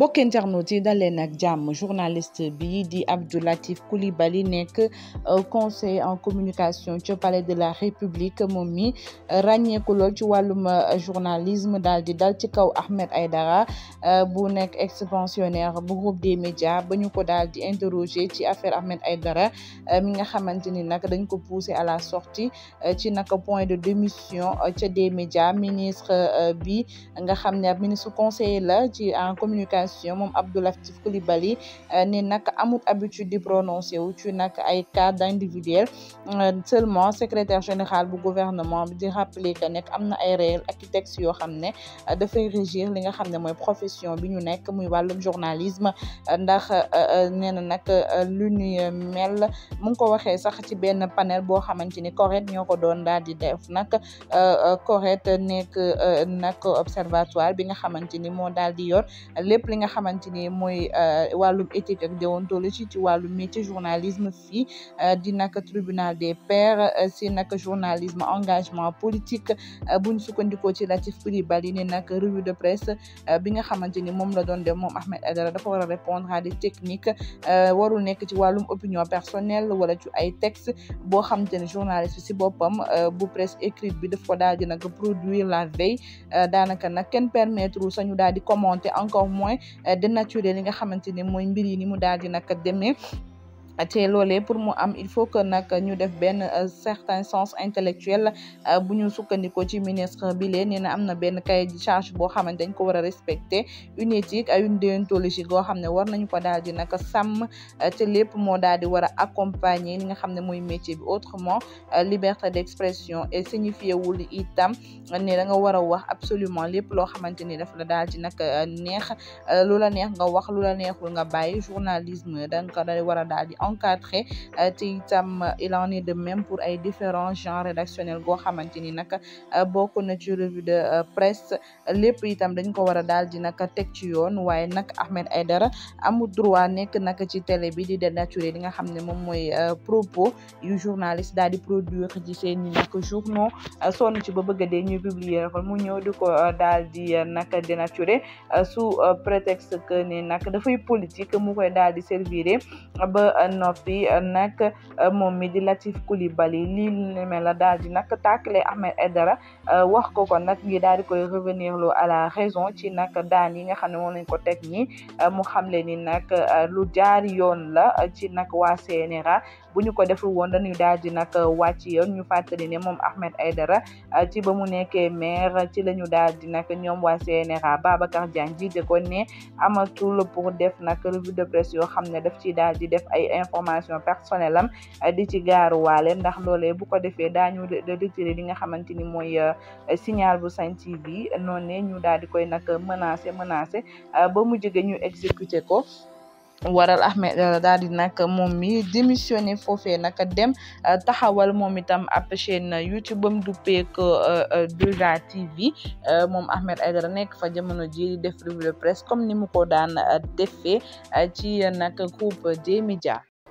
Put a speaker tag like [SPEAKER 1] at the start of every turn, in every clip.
[SPEAKER 1] mbokk internautes yi daleen ak jàmm journaliste bi di Abdou Latif Coulibaly nekk euh, conseiller en communication ci palais de la république moom mi euh, ràññeeku lool ci wàllum euh, journalisme daal di dal ci kaw Ahmed Aidara bu nekk ex bu groupe des médias ba ñu ko daal di interroger ci affaire Ahmed Aidara mi nga xamante ni nag dañ ko poussé à la sortie ci naka point de démission ca des médias ministre bi nga xam ne ministre conseiller la ci en communication. déclaration moom Abdou Latif Coulibaly euh, ne nag amul habitude di prononcé wu ci nag ay cas d'individuel euh, seulement secrétaire général bu gouvernement bi di rappeler que nekk am na ay règles ak textes yoo xam ne euh, dafay régir li nga xam ne mooy profession bi ñu nekk muy wàllum journalisme ndax nee na nag lu ñuy mel mu ngi ko waxee sax ci benn panel boo xamante ni CORED ñoo ko doon daal di def nag CORED nekk nag observatoire bi nga xamante ni moo daal di yor lépp nga xamante ne mooy euh, wàllum éthique ak déontologie ci wàllum métier journalisme fii euh, di nag tribunal de pairs euh, si nag journalisme engagement politique buñ sukkandikoo ci Latif Coulibaly ne nag revue de presse bi nga xamante ni moom la doon dem moom Ahmed Aidara dafa war a répondre à des warul nekk ci wàllum opinion personnelle wala ci ay texte boo xamante ne journaliste si boppam bu presse écrite bi daf ko daal di nag produire la veille daanaka nag kenn permettre sañu daal di commenter encore moins dénaturer li nga xamante ni mooy mbir yi ni mu daal di nag deme te loolee pour mu am il faut que nag ñu def benn euh, certain sens intellectuel euh, bu ñu sukkandikoo ci ministre bi lee nee na am na benn cahier de charge boo xamante dañ ko war a respecter une éthique ay une déontologie goo xam ne war nañu ko daal di nag sàmm euh, te lépp moo daal di war a accompagner li nga xam ne mooy métier bi autrement liberté d'expression et signifié wul itam ne da nga war a wax absolument lépp loo xamante ni daf la daal di nag neex lu la neex nga wax lu la neexul nga bàyyi journalisme da nga daal di encadré euh, te itam euh, il en est de même pour ay différents genres rédactionnels goo xamante ni nag euh, bokk na ci revue de presse lépp itam dañ ko war a daal di nag teg ci yoon waaye nag Ahmed dara amul droit nekk nag ci télé bi di dénaturer li nga xam ne moom mooy propos yu journaliste daal di produire ci seen i nag journaux sonn ci ba bëgg a dee ñuy publier kon mu ñëw di ko daal di nag dénaturer sous prétexte que ne nag dafay politique mu koy daal di servir noppi eh, nag eh, moom mi di Latif Coulibaly lii ni mel la daal di nag tàkkale Ahmed Aidara eh, wax ko ko nag ngi daal di koy revenir lu à la raison ci nag daan yi nga xam ne moom lañ ko teg nii mu xamle ni nag lu jaar yoon la ci nag waa CNRA bu ñu ko deful woon dañuy daal di nag wàcc yoon ñu fàttali ne moom Ahmed Aidara ci ba mu nekkee maire ci la ñu daal di nag ñoom waa CNRA Babacar Diagne jiite ko ne amatul def nag revue de yoo xam ne daf ci daal di ay information personnelle am eh, di ci gaaruwaale ndax loole bu ko defee daañu retiré li nga xamante ni mooy eh, signal bu Sen TV noonu ne ñu daal di koy nag menacé menacé eh, ba mu jóge ñu exécuté ko waral Ahmed daal di nag moom mi démissionné foofee nag dem taxawal moom itam ab chaîne YouTube bam duppee ko 2A TV moom Ahmed Aidara nekk fa jamono ji def revue presse comme ni mu ko daan defee ci nag groupe des médias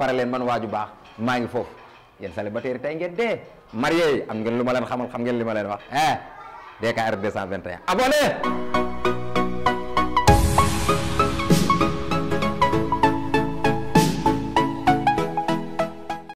[SPEAKER 2] pare leen man waaju baax maa ngi foofu yéen célibataire yi tey ngeen dee marié yi am ngeen lu xamal xam ngeen li ma leen wax eh DKR 221 abonné